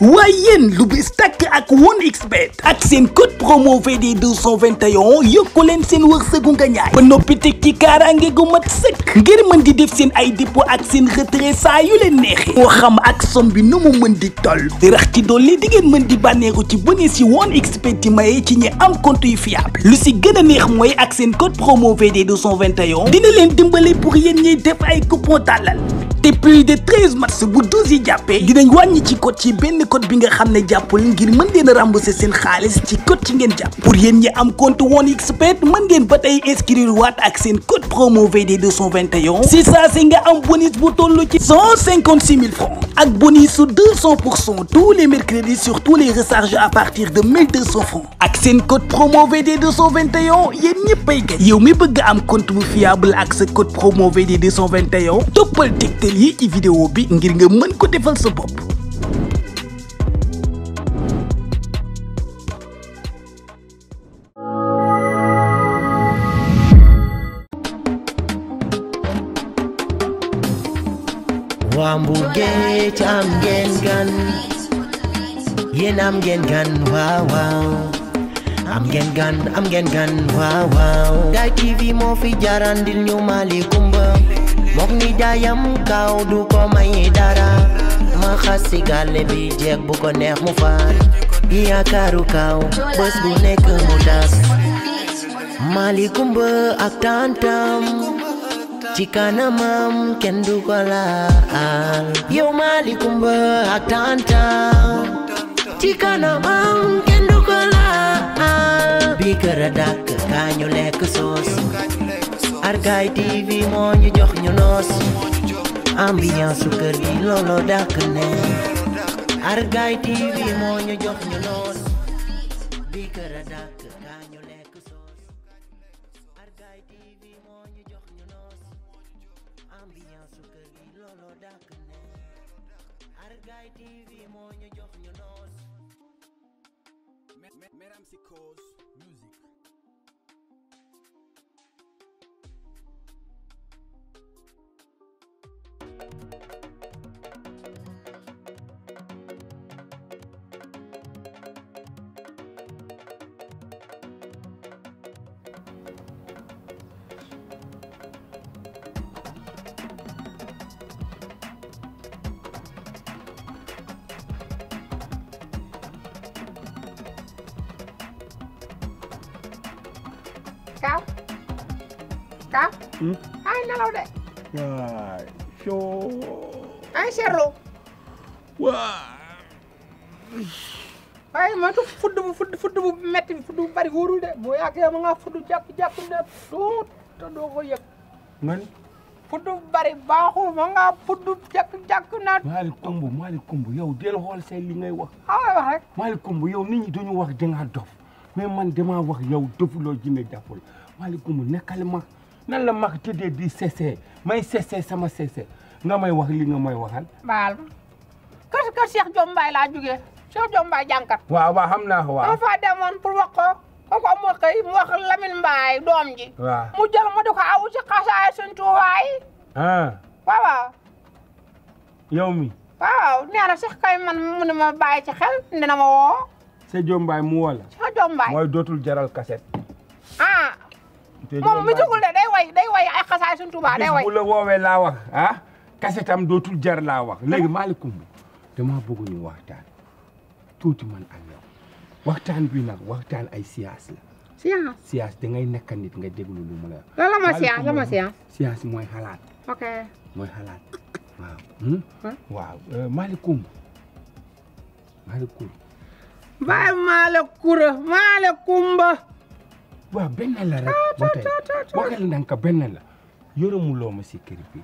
waaye yéen lu bees tàkk ak 1xBet ak seen code promo VD 221 yokku leen seen wërsëgu nga ñaay ba noppi teg ci kaaraange gu mat sëkk ngir mën di def seen ay dépôt ak seen retrait saa yu leen neexee moo xam ak somme bi nu mu mën di toll rax ci dolli di ngeen mën di bànneexu ci bonus yi 1xBet di maye ci ñi am compte yu fiable lu si gën a neex mooy ak seen code promo VD 221 dina leen dimbale pour yéen ñi def ay coupon tàllal Et plus de 13 mars, vous douze diapés, jàppee dinañ vous ci code ci ben code bi nga ne ngir mën leen a rembourser seen ci code pour yéen ñi am compte 1 xpet mën ngeen batay inscrire wat code promo VD 221 si ça si nga am bonus bu tollu ci 156.000 francs ak bonus sous 200 tous les mercredis sur tous les recharges à partir de 1200 francs ak code promo VD 221 de ñëppay gañ yow mi bëgg am compte fiable ak ce code promo VD 221 topal tegtal yi ci vidéo bi ngir nga mën ko defal sa wambuge am gen gan yen am gen gan wow wow am gen gan am gen gan wow wow Gai TV mo fi jaran dil ñu mali kumba mok ni dayam kaw du ko may dara ma xassi galle bi jek bu ko neex mu faat iya karu kaw bés bu nekk mu das mali kumba ak tantam na mam kendu kala al yo mali kumba atanta na mam kendu kala al bigara dak lek sos argay tv mo ñu jox ñu nos ambiance kër di lolo dak ne argay tv mo jox ñu nos Sky TV Meram si koz music. thank you kaaw kaaw ay nelaw de waay soo ay seerlu waay waaye man tu fudd bu fudd bu metti bi fudd bu bari wóorul de boo yàggee ma nga fudd jàpp-jàpp ne tuut te doo ko yëg man fudd bu bari baaxul ma nga fudd jàkk-jàkk naa maali kumb maali kumb yow del xool say li ngay wax a wax rek maali kumb yow nit ñi duñu wax da ngaa dof mais man damaa wax yow defuloo jinne jàppul maaleykum nekkal ma nan la mag tëddee di sese may sese sama sese nga may wax li nga may waxal. baal kër kër Cheikh Diop Mbaye laa jugee Cheikh Diop Mbaye jànkat. waaw waaw xam naa ko waaw. dama faa demoon pour ko mu wax kay mu wax Lamine Mbaye doom ji. mu jël mu di ko ci xasaay suñ tuubaay. ah. waaw. yow mi. waaw nee na sax kay man mu ne ma bàyyi ci xel dina ma woo. Cheikh Diop mu woo jombaay mooy dootul jaral kaset ah moom mi jugul de day way ay xasaay suñ day way la woowee laa wax ah kasetam dootul jar laa wax léegi maaleykum dama bëgg ñu waxtaan tuuti man ak yow waxtaan bi nag waxtaan ay siyaas la science science da ngay nekk nit nga déglu lu mu la. lan la la ma science. science mooy xalaat. mooy xalaat waaw. Hmm? waaw Malicoum euh, Malicoum. baay maale kura maale kumba waaw benn la rek moo ah, tey waxal nanka benn la yoro mu loo ma si kër bi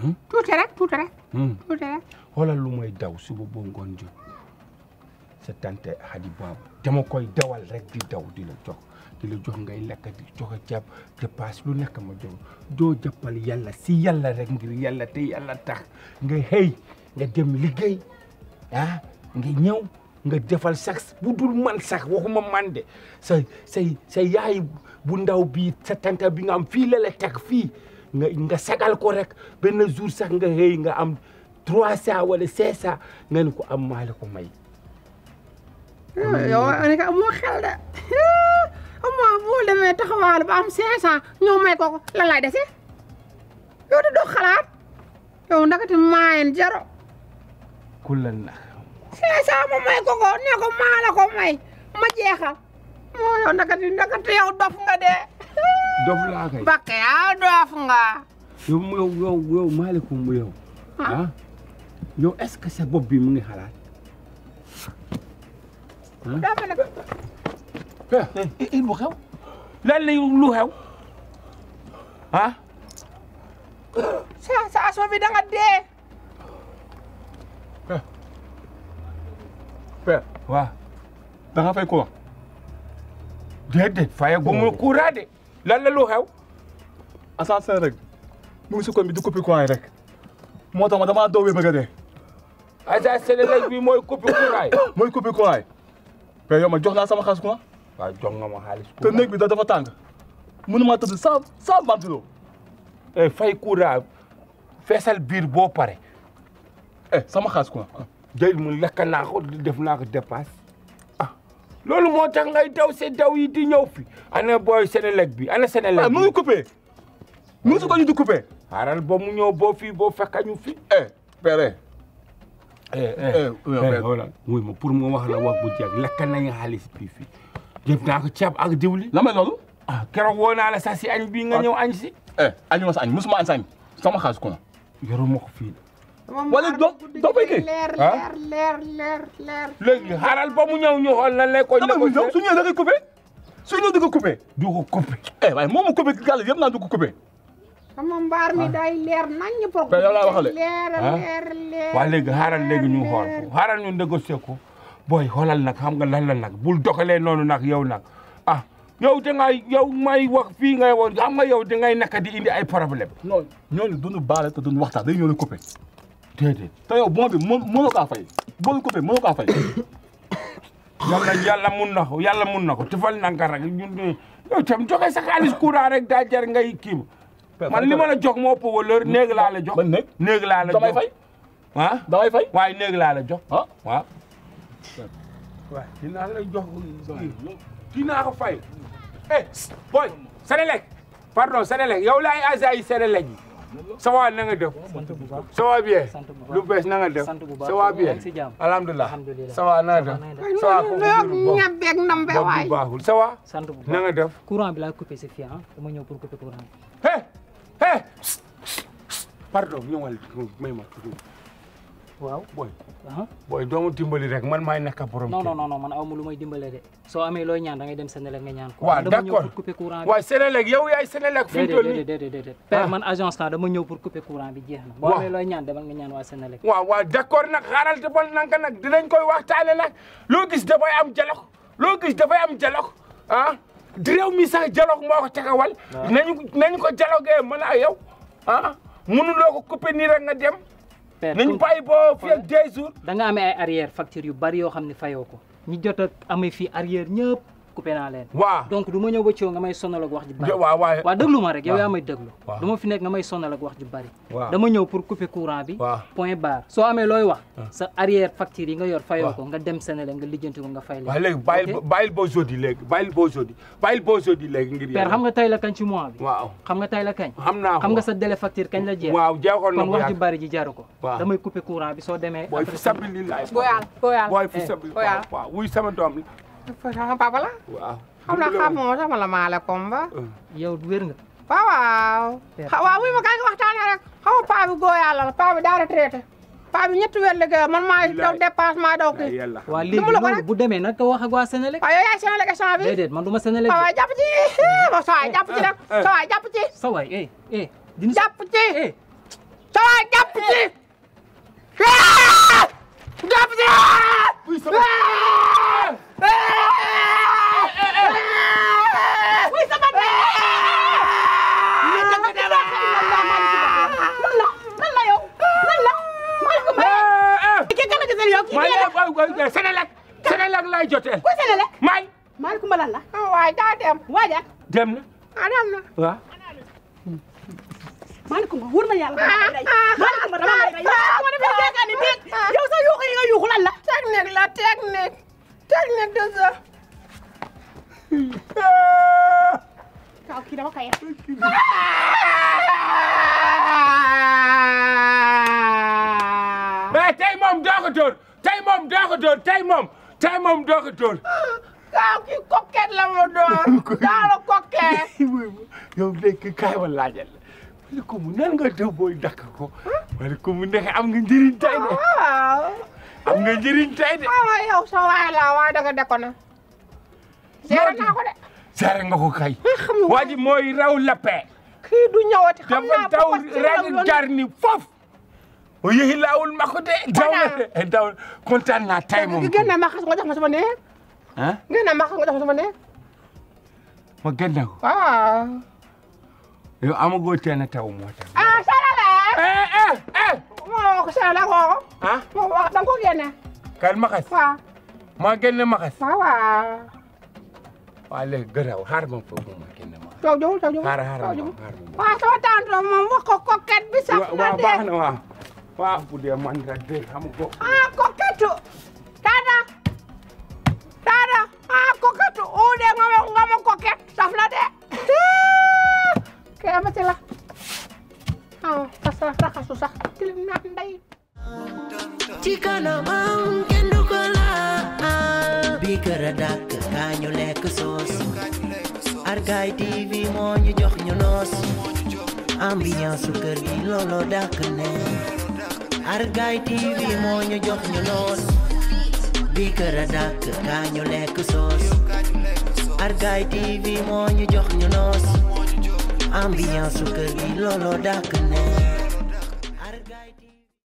hmm? tuuti rek tuuti rek hmm. tuuti lu mooy daw si boo ngoon jot sa tante Hadi Baba dama dawal rek di daw di la jox di la jox ngay lekk di jox a jàpp paas lu nekk ma jox doo jàppal yàlla si yàlla rek ngir yàlla te yàlla tax nga xëy nga dem liggéey ah nga ñëw nga defal sax bu dul man sax waxuma man de sa say sa yaay bu ndaw bii sa tante bi nga am fii la la fii nga nga sagal ko rek benn jour sax nga xëy nga am trois cent wala cinq cent nga ne ko am maa la ko may. Eh, yow ne ko amoo xel de amoo boo demee ba am cinq cent ñoo may ko lan laay dese yow de doo xalaat yow ndaxte maayen jaro kullan Thế sao mà mày có có nhà có ma là có mày Mà dè hả Mày nó cái nó cái treo đọc ngà đê Đọc là cái Bà kẻ đọc ngà Yo yo yo yo mai là cùng mày Hả Yo est cái sao bobby mày hả lại Đó là à? Ê, ê, ê, lùa khéo Lên lên lùa khéo sa Sao sao sao đang ngà đê père waaw da nga fay courant déedéet faye gu mu courant de lan la lu xew rek mu si koñ bi di coupé courant rek moo tax ma damaa doowee bëgg a dee assassin rek bi mooy coupé courant mooy coupé courant yi ma jox naa sama xaalis courant waaw jox nga ma xaalis te néeg bi da dafa tàng mënu maa tëdd sans sans ventilo fay courant feesal biir boo pare eh sama xaalis courant jël mu lekk naa ko def naa ko dépasse ah loolu moo tax ngay daw sa daw yi di ñëw fi ana booy Senelec bi ana Senelec ah, bi mu ngi coupé mu ngi ko ñu di coupé xaaral ba mu ñëw boo fii boo fekk ñu fi eh pere eh, eh, eh, eh voilà muy ma pour mu wax la wax bu jeex lekk nañu xaalis bi fii jëf naa ko ceeb ak diwli la may loolu ah woo naa la sax si añ bi nga ah. ñëw añ si eh añu ma sa añ musuma añ sa añ sama xaalis ko na yoruma ko fii wala do doo fay kii ah leer leer leer léegi xaaral ba mu ñëw ñu xool lan lay koy. dama ñëw su ñëwee da ngay coupé su ñëw da nga coupé. du ko coupé eh waaye moom mu coupé gàll yëpp naa du ko coupé. sama mbaar mi ah. day leer nañu pour. te yow laa waxale leer ah? leer leer. waa léegi xaaral léegi ñu xool xaaral ñu négocier ko booy xoolal nag xam nga lan la nag bul doxalee noonu nag yow nag ah yow da ngay yow may wax fii ngay woon xam nga yow da ngay nekk di indi ay problème. non ñooñu duñu baale te duñu waxtaan day ñëw la coupé. déedéet te yow bon bi mën mënoo kaa fay bon coupé mënoo kaa fay. yàlla yàlla mun na ko yàlla mun na ko tefal na nga rek ñun yow itam joxe sa xaalis courant rek daa jar ngay kii man li a la jox moo ëpp valeur néeg laa la jox. man néeg néeg waaye néeg laa la jox. ah waaw. waaw jox dinaa ko fay. eh booy Sénélec pardon Sénélec yow laay agent yi Sénélec ça va na nga def ça va bien lu bees na nga sant bu va bien alhamdulilah ça va na nga def ça va ñabeeg nambe waay baaxul ça va na nga def courant bi laa coupé c'est fii ah ñëw pour couper courant hé waaw boy, boy, doomu dimbali rek man maay nekk borom. non non non man aw ma lu may dimbali de. soo amee looy ñaan da ngay dem Sénélec nga ñaan. waaw d' accord waaw Sénélec yow yaay Sénélec. fi mu toll nii déedéet déedéet ah. père man agence la dama ñëw pour couper courant bi jeex na. waaw boo amee looy ñaan demal nga ñaan waa Sénélec. waaw waaw d' accord nag xaaral te bon nag nag dinañ koy waxtaane nag loo gis dafay am dialogue loo gis dafay am dialogue ah réew mi sax dialogue moo ko cakawal. waaw nañu nañu ko dialogué man ak yow ah mënuloo ko couper nii rek nga dem nañ bàyyi boo fii ak deux danga ame ay arrière facture yu bari yoo xam ne fayoo ko ñi jot a amee fii arrière ñëpp coupé naa leen waaw donc du ma ñëw ba ci yow nga may sonal ak wax ji bari waaw waaw waaw déglu wax ji dama ñëw pour couper courant bi point barre soo amee looy wax ah. sa arrière facture yi nga yor fayoo nga dem Senelec nga lijjanti ko nga fay leen waaw léegi boo jodi léegi bàyyil xam nga tey la kañ ci mois bi xam nga tey la kañ xam nga sa délai facture kañ la jeex waaw jeexoon na kon wax ji bari ji jaru ko damay couper courant bi soo demee booy fi sabil li laay booy fi eh, sabil waaw wuy sama Faham apa lah? Wow. Không là khăm mà sao mà là mà còn vá. Ừ. Yêu duyên. Phá vào. Hả vào mà cái à, cái trang này. Không phá vào gọi là phá vào đa trệt. Phá vào nhất tuyệt là mình mai đâu depass mai đâu kì. Và lý nó budde mẹ nó câu hả qua sen lệ. Ai ai sen lệ cái sao vậy? Đấy, ừ. mà đúng mà sen lệ. Sao chấp chi? Mà sao chấp chi đó? Sao chấp chi? Sao vậy? Ê, ê. Chấp chi. Sao chấp chi? Chấp chi. Chấp chi. loolu yow kii de la Sénélec lay jotee. ku Sénélec may. Malick Mbala la. Oh, waay daa dem. waaja. dem na. ah dem na waaw. Malick Mbala wóor na yàlla. Ah, ah, ah, sa yuuxu yi nga yuuxu lan la. technique la technique technique moom doo ko moom doo ko dóor moom tey moom doo ko dóor. ki coquette la ma dóor. daa la coquette. yow léegi kaay ma la ko mu nan nga def booy ko. wala ko nekk am nga njëriñ tey de. am nga njëriñ tey de. seere nga ko kay. waa mooy raw lappe. kii du ñëwati xam naa ko taw ren jar ni o yeehi laawol makko de dawle daw kontaan naa tay moom genna makko so wadama sama ne han genna makko so wadama sama ne mo genna ko ah yo amago tena taw mota ah sarala eh eh eh mo ko sarala ko ha mo dan ko genna kan makas ma genna makas wa wa har mo fo mo genna makas taw jow taw jow har har ket bi na de Babu dia mandra dai ham go. Ah ko kadu. Dada. Dada. Ah ko kadu. Ude oh, ngome ngome ko safla de. Kayak mati lah. Ah, kasar tak susah. Tilim Jika nama mungkin TV lolo Argaye TV moo ñu jox ñu lool bi kër a dàkk kaa ñu lekk soos Argaye TV moo ñu jox ñu noos ambiance su kër gi looloo dàkk ne